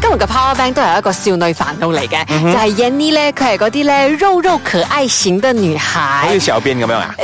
今日嘅 Power Bank 都係一個少女煩惱嚟嘅，就係 Yenny 咧，佢係嗰啲咧肉肉可愛型嘅女孩，好似小編咁樣啊！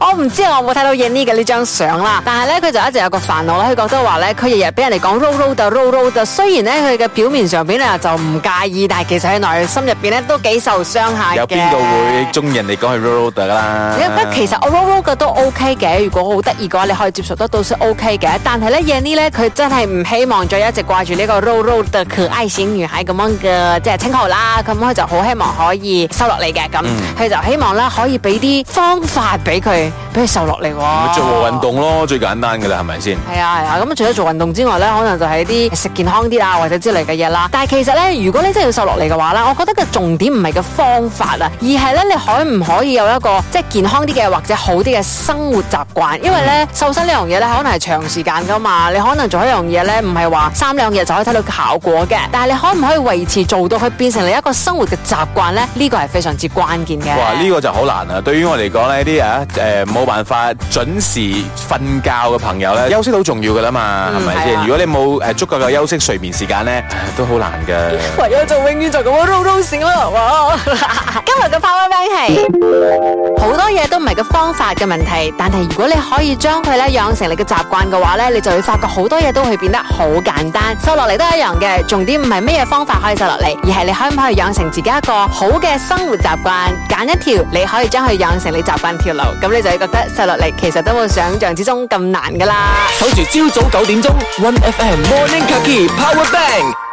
我唔知我有冇睇到 Yenny 嘅呢張相啦，但係咧佢就一直有個煩惱啦，佢覺得話咧佢日日俾人哋講肉肉哋，肉肉哋，雖然咧佢嘅表面上邊啊就唔介意，但係其實喺內心入邊咧都幾受傷下嘅。有邊個會中意人哋講佢肉肉哋啦？不，其實我肉肉哋都 OK 嘅，如果好得意嘅話，你可以接受得到先 OK 嘅。但係咧 Yenny 咧，佢真係唔希望再一直掛住呢個肉肉哋。可愛型女孩咁樣噶，即係稱號啦。咁佢就好希望可以瘦落嚟嘅，咁佢就希望咧可以俾啲方法俾佢，俾佢瘦落嚟。做運動咯，最簡單噶啦，係咪先？係啊係啊。咁、啊、除咗做運動之外咧，可能就係啲食健康啲啊，或者之類嘅嘢啦。但係其實咧，如果你真係要瘦落嚟嘅話咧，我覺得個重點唔係個方法啊，而係咧你可唔可以有一個即係健康啲嘅或者好啲嘅生活習慣。因為咧瘦身呢樣嘢咧，可能係長時間噶嘛，你可能做一樣嘢咧，唔係話三兩日就可以睇到效果嘅，但係你可唔可以維持做到佢變成你一個生活嘅習慣咧？呢、這個係非常之關鍵嘅。哇、呢、這個就好難啦、啊！對於我嚟講咧，啲啊誒冇辦法準時瞓覺嘅朋友咧，休息好重要噶啦嘛，係咪先？是是啊、如果你冇誒足夠嘅休息睡眠時間咧，都好難嘅。 唯有做永遠就咁嘅 routine 咯，係 吧 今日嘅 Power 係好多嘢，都唔係個方法嘅問題，但係如果你可以將佢咧養成你嘅習慣嘅話咧，你就會發覺好多嘢都會變得好簡單，收落嚟都一樣。嘅重點唔係咩嘢方法可以瘦落嚟，而係你可唔可以養成自己一個好嘅生活習慣，揀一條你可以將佢養成你習慣條路，咁你就會覺得瘦落嚟其實都冇想象之中咁難噶啦。守住朝早九點鐘，One FM Morning Cookie Power Bank。